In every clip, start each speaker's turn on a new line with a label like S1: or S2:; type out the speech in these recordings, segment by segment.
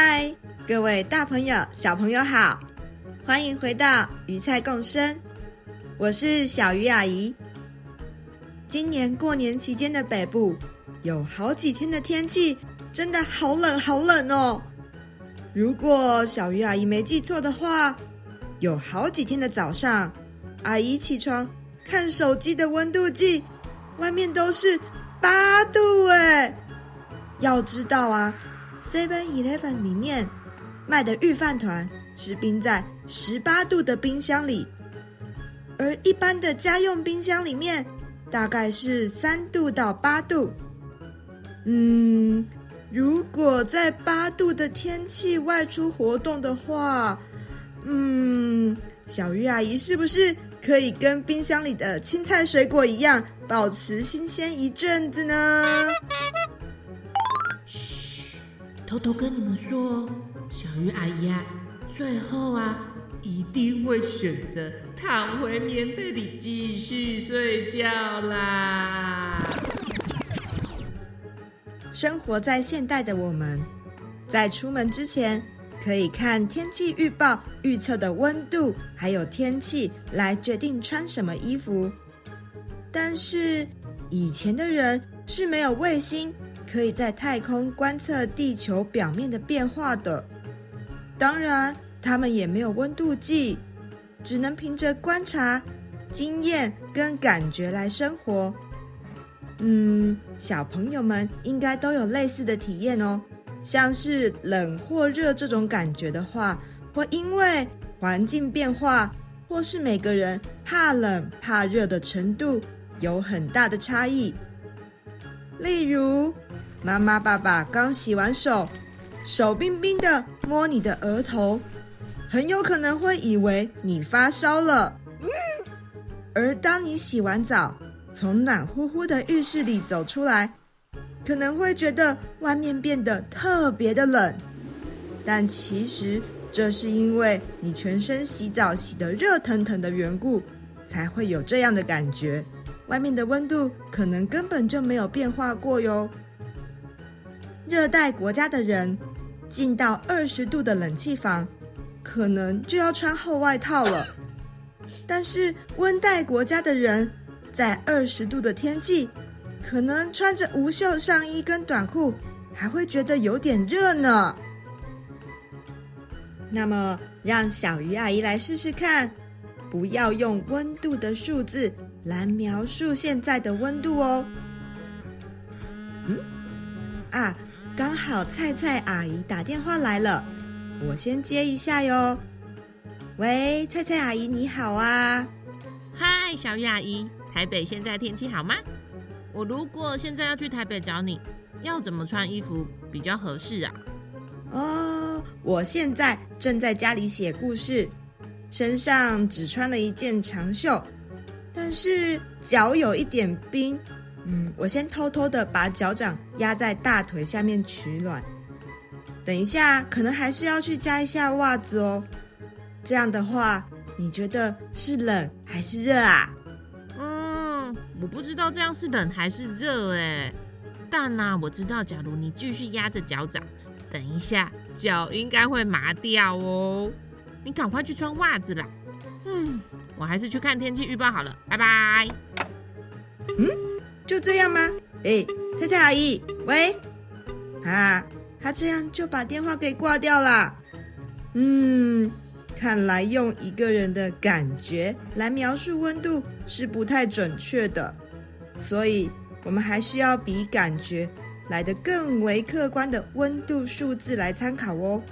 S1: 嗨，Hi, 各位大朋友小朋友好，歡迎回到魚菜共聲，我是小魚阿姨。今年過年期間的北部有好幾天的天氣真的好冷好冷哦。如果小魚阿姨沒記錯的話，有好幾天的早上，阿姨起床看手機的溫度計，外面都是八度哎。要知道啊。Seven Eleven 裡面賣的御飯糰是冰在十八度的冰箱裡，而一般的家用冰箱裡面大概是三度到八度。嗯，如果在八度的天氣外出活動的話，嗯，小魚阿姨是不是可以跟冰箱裡的青菜水果一樣保持新鮮一陣子呢？偷偷跟你們說哦，小魚阿姨啊，最後啊，一定會選擇躺回棉被裡繼續睡覺啦。生活在現代的我們，在出門之前可以看天氣預報預測的溫度還有天氣來決定穿什麼衣服，但是以前的人是沒有衛星。可以在太空觀測地球表面的變化的，當然，他們也沒有溫度計，只能憑着觀察經驗跟感覺來生活。嗯，小朋友們應該都有類似的體驗哦，像是冷或熱這種感覺的話，會因為環境變化，或是每個人怕冷怕熱的程度有很大的差異。例如，媽媽、爸爸剛洗完手，手冰冰的，摸你的額頭，很有可能會以為你發燒了。嗯。而當你洗完澡，從暖乎乎的浴室裡走出來，可能會覺得外面變得特別的冷。但其實這是因為你全身洗澡洗得熱騰騰的緣故，才會有這樣的感覺。外面的溫度可能根本就沒有變化過喲。熱帶國家的人進到二十度的冷氣房，可能就要穿厚外套了。但是溫帶國家的人在二十度的天氣，可能穿着無袖上衣跟短褲，還會覺得有點熱呢。那麼，讓小魚阿姨來試試看，不要用溫度的數字來描述現在的溫度哦。嗯，啊。剛好菜菜阿姨打電話來了，我先接一下喲。喂，菜菜阿姨，你好啊！嗨，小魚阿姨，台北現在天氣好嗎？我如果現在要去台北找你，要怎麼穿衣服比較合適啊？哦，oh, 我現在正在家裡寫故事，身上只穿了一件長袖，但是腳有一點冰。嗯，我先偷偷的把腳掌壓在大腿下面取暖，等一下可能還是要去加一下襪子哦。這樣的話，你覺得是冷還是熱啊？嗯，我不知道這樣是冷還是熱哎。但呢，我知道假如你繼續壓着腳掌，等一下腳應該會麻掉哦。你趕快去穿襪子啦。嗯，我還是去看天氣預報好了，拜拜。嗯。就這樣嗎？哎、欸，猜猜阿姨？喂，啊，他這樣就把電話給掛掉了。嗯，看來用一個人的感覺來描述溫度是不太準確的，所以我們還需要比感覺來得更為客觀的溫度數字來參考哦。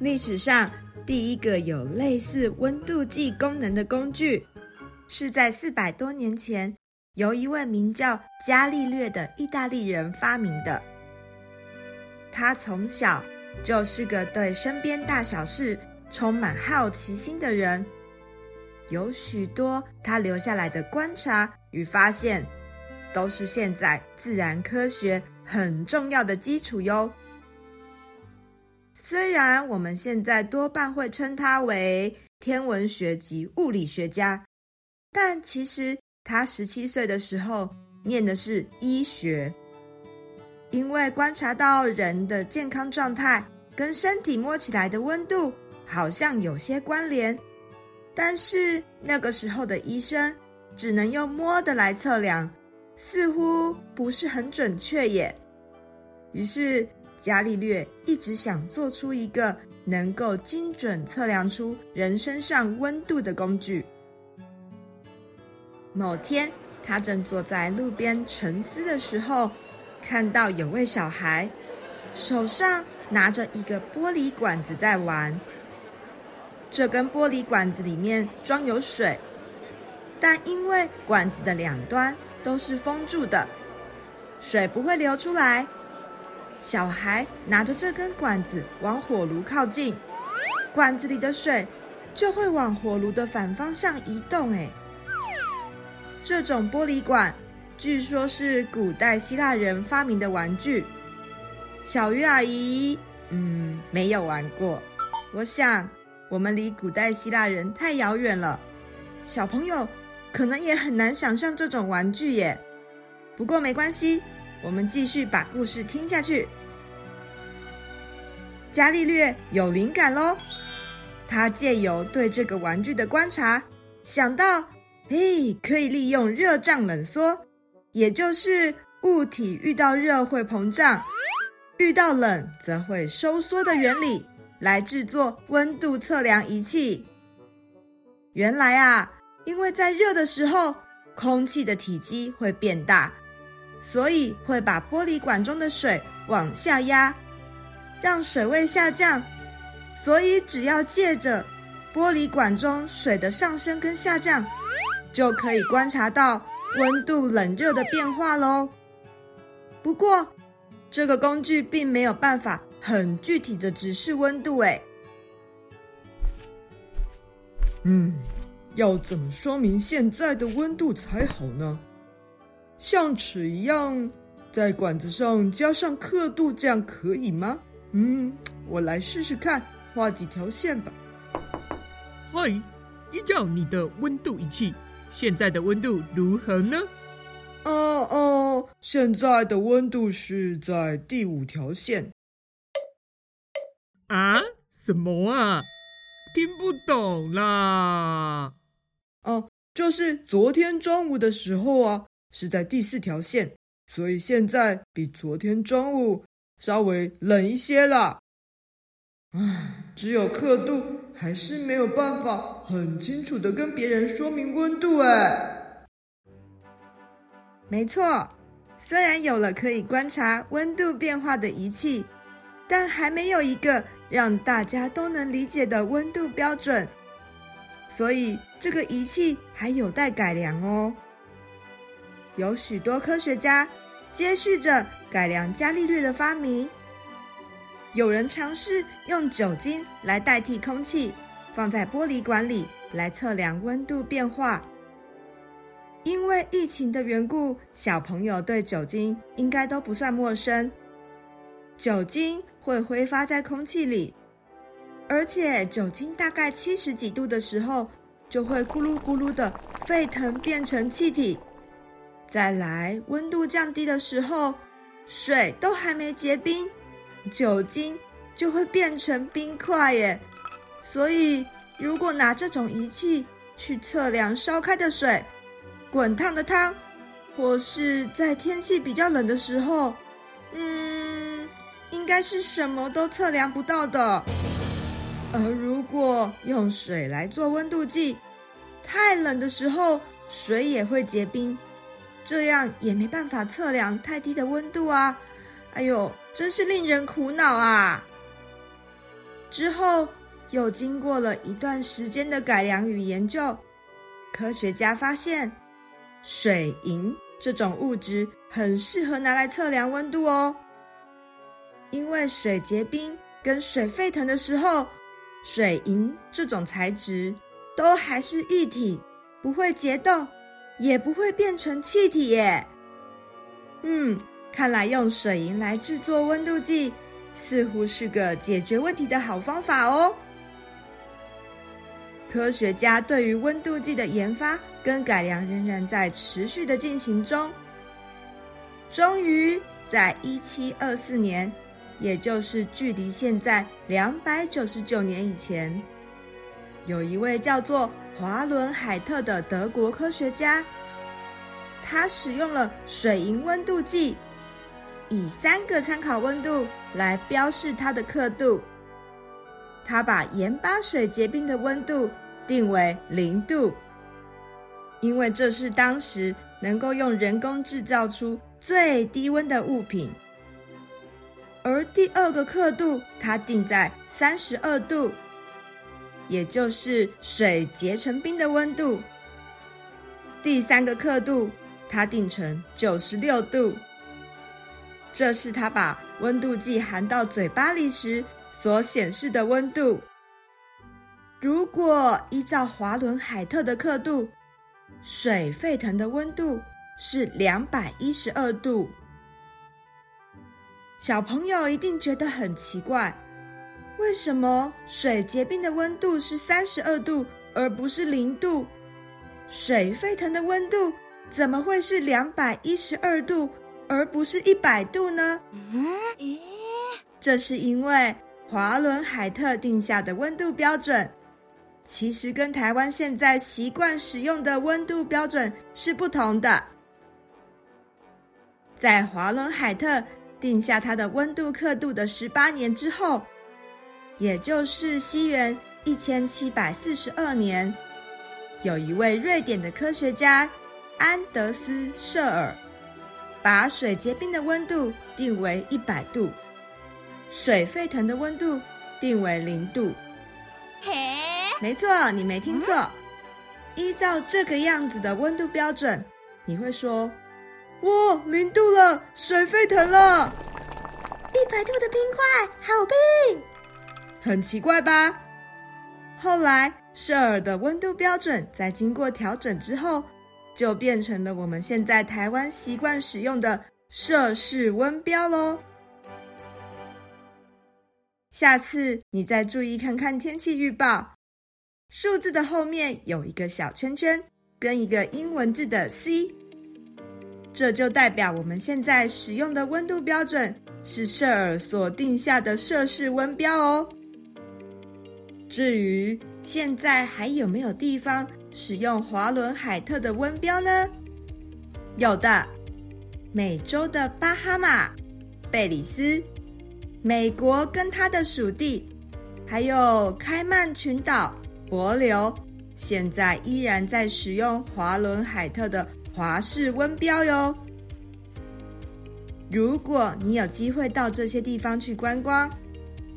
S1: 歷史上第一個有類似溫度計功能的工具，是在四百多年前。由一位名叫伽利略的意大利人發明的。他從小就是個對身邊大小事充滿好奇心的人，有許多他留下來的觀察與發現，都是現在自然科學很重要的基礎喲。雖然我們現在多半會稱他為天文學及物理學家，但其實，他十七歲的時候念的是醫學，因為觀察到人的健康狀態跟身體摸起來的溫度好像有些關聯，但是那個時候的醫生只能用摸的來測量，似乎不是很準確耶。於是伽利略一直想做出一個能夠精準測量出人身上溫度的工具。某天，他正坐在路邊沉思的時候，看到有位小孩手上拿着一個玻璃管子在玩。這根玻璃管子裡面裝有水，但因為管子的兩端都是封住的，水不會流出來。小孩拿着這根管子往火爐靠近，管子裡的水就會往火爐的反方向移動。哎。這種玻璃管，據說是古代希臘人發明的玩具。小魚阿姨，嗯，沒有玩過。我想，我們離古代希臘人太遙遠了，小朋友可能也很難想象這種玩具耶。不過沒關係，我們繼續把故事聽下去。伽利略有靈感嘍，他藉由對這個玩具的觀察，想到。誒，可以利用熱脹冷縮，也就是物體遇到熱會膨脹，遇到冷則會收縮的原理，來制作溫度測量儀器。原來啊，因為在熱的時候，空氣的體積會變大，所以會把玻璃管中的水往下壓，讓水位下降，所以只要借着玻璃管中水的上升跟下降，就可以觀察到溫度冷熱的變化咯。不過，這個工具並沒有辦法很具體的指示溫度誒。嗯，要怎麼說明現在的溫度才好呢？像尺一樣，在管子上加上刻度，這樣可以嗎？嗯，我來試試看，畫幾條線吧。嗨，依照你的溫度儀器，現在的溫度如何呢？哦哦、呃呃，現在的溫度是在第五條線。啊？什麼啊？聽不懂啦。哦、呃，就是昨天中午的時候啊，是在第四條線，所以現在比昨天中午稍微冷一些啦。唉，只有刻度，還是沒有辦法很清楚地跟別人說明溫度哎。沒錯，雖然有了可以觀察溫度變化的儀器，但還沒有一個讓大家都能理解的溫度標準，所以這個儀器還有待改良哦。有許多科學家接續着改良伽利略的發明。有人嘗試用酒精來代替空氣，放在玻璃管裡來測量溫度變化。因為疫情的緣故，小朋友對酒精應該都不算陌生。酒精會揮發在空氣裡，而且酒精大概七十幾度的時候就會咕嚕咕嚕的沸騰變成氣體。再來，溫度降低的時候，水都還沒結冰。酒精就會變成冰塊耶，所以如果拿這種儀器去測量燒開的水、滾燙的湯，或是在天氣比較冷的時候，嗯，應該是什麼都測量不到的。而如果用水來做溫度計，太冷的時候水也會結冰，這樣也沒辦法測量太低的溫度啊！哎呦！真是令人苦惱啊！之後又經過了一段時間的改良與研究，科學家發現水銀這種物質很適合拿來測量溫度哦。因為水結冰跟水沸騰的時候，水銀這種材質都還是液體，不會結凍，也不會變成氣體耶。嗯。看來用水銀來制作溫度計，似乎是個解決問題的好方法哦。科學家對於溫度計的研發跟改良仍然在持續的進行中。終於，在一七二四年，也就是距離現在兩百九十九年以前，有一位叫做華倫海特的德國科學家，他使用了水銀溫度計。以三個參考溫度來標示它的刻度。它把鹽巴水結冰的溫度定為零度，因為這是當時能夠用人工制造出最低溫的物品。而第二個刻度，它定在三十二度，也就是水結成冰的溫度。第三個刻度，它定成九十六度。這是他把溫度計含到嘴巴裡時所顯示的溫度。如果依照華倫海特的刻度，水沸騰的溫度是兩百一十二度。小朋友一定覺得很奇怪，為什麼水結冰的溫度是三十二度而不是零度？水沸騰的溫度怎麼會是兩百一十二度？而不是一百度呢？這是因為華倫海特定下的溫度標準，其實跟台灣現在習慣使用的溫度標準是不同的。在華倫海特定下它的溫度刻度的十八年之後，也就是西元一千七百四十二年，有一位瑞典的科學家安德斯·舍爾。把水結冰的溫度定為一百度，水沸騰的溫度定為零度。嘿，沒錯，你沒聽錯。嗯、依照這個樣子的溫度標準，你會說：“哇，零度了，水沸騰了，一百度的冰塊好冰。”很奇怪吧？後來，舍爾的溫度標準在經過調整之後。就變成了我們現在台灣習慣使用的攝氏溫標嘍。下次你再注意看看天氣預報，數字的後面有一個小圈圈，跟一個英文字的 “C”，這就代表我們現在使用的溫度標準是攝爾所定下的攝氏溫標哦。至於現在還有沒有地方使用華倫海特的溫標呢？有的，美洲的巴哈馬、貝里斯、美國跟它的屬地，還有開曼群島、帛琉，現在依然在使用華倫海特的華氏溫標喲。如果你有機會到這些地方去觀光，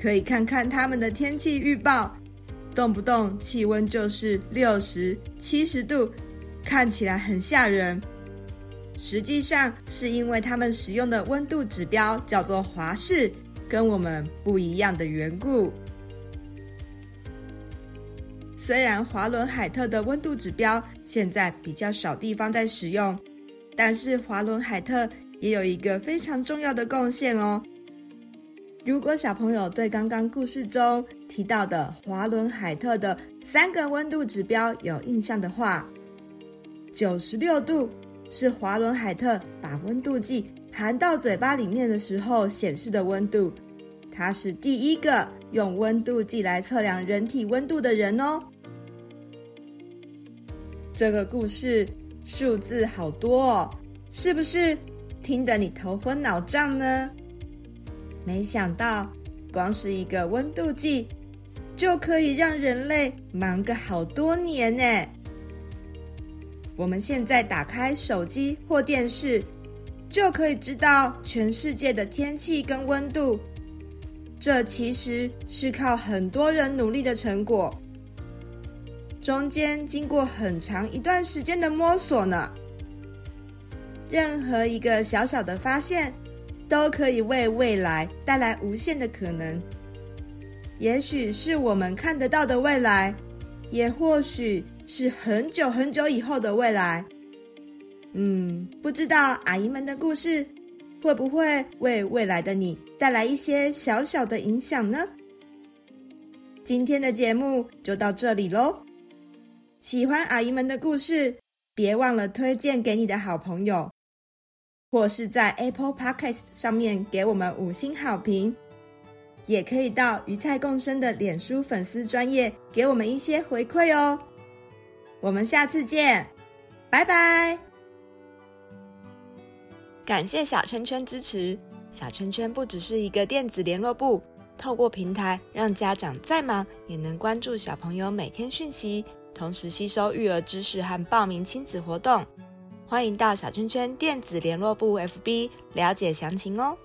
S1: 可以看看他們的天氣預報。動不動，氣溫就是六十七十度，看起來很嚇人。實際上是因為他們使用的溫度指標叫做華氏，跟我們不一樣的緣故。雖然華倫海特的溫度指標現在比較少地方在使用，但是華倫海特也有一個非常重要的貢獻哦。如果小朋友對剛剛故事中提到的華倫海特的三個溫度指標有印象的話，九十六度是華倫海特把溫度計含到嘴巴裡面的時候顯示的溫度，他是第一個用溫度計來測量人體溫度的人哦。這個故事數字好多哦，是不是聽得你頭昏腦脹呢？沒想到，光是一個溫度計，就可以讓人類忙個好多年呢。我們現在打開手機或電視，就可以知道全世界的天氣跟溫度。這其實是靠很多人努力的成果。中間經過很長一段時間的摸索呢。任何一個小小的發現，都可以為未來帶來無限的可能。也許是我們看得到的未來，也或許是很久很久以後的未來。嗯，不知道阿姨們的故事會不會為未來的你帶來一些小小的影響呢？今天的節目就到這裡嘍。喜歡阿姨們的故事，別忘了推薦給你的好朋友。或是在 Apple Podcast 上面給我們五星好評，也可以到魚菜共聲的臉書粉絲專頁給我們一些回饋哦。我們下次見，拜拜！感謝小圈圈支持，小圈圈不只是一個電子聯絡簿，透過平台讓家長再忙也能關注小朋友每天訊息，同時吸收育兒知識和報名親子活動。歡迎到小圈圈電子聯絡簿 FB 了解詳情哦。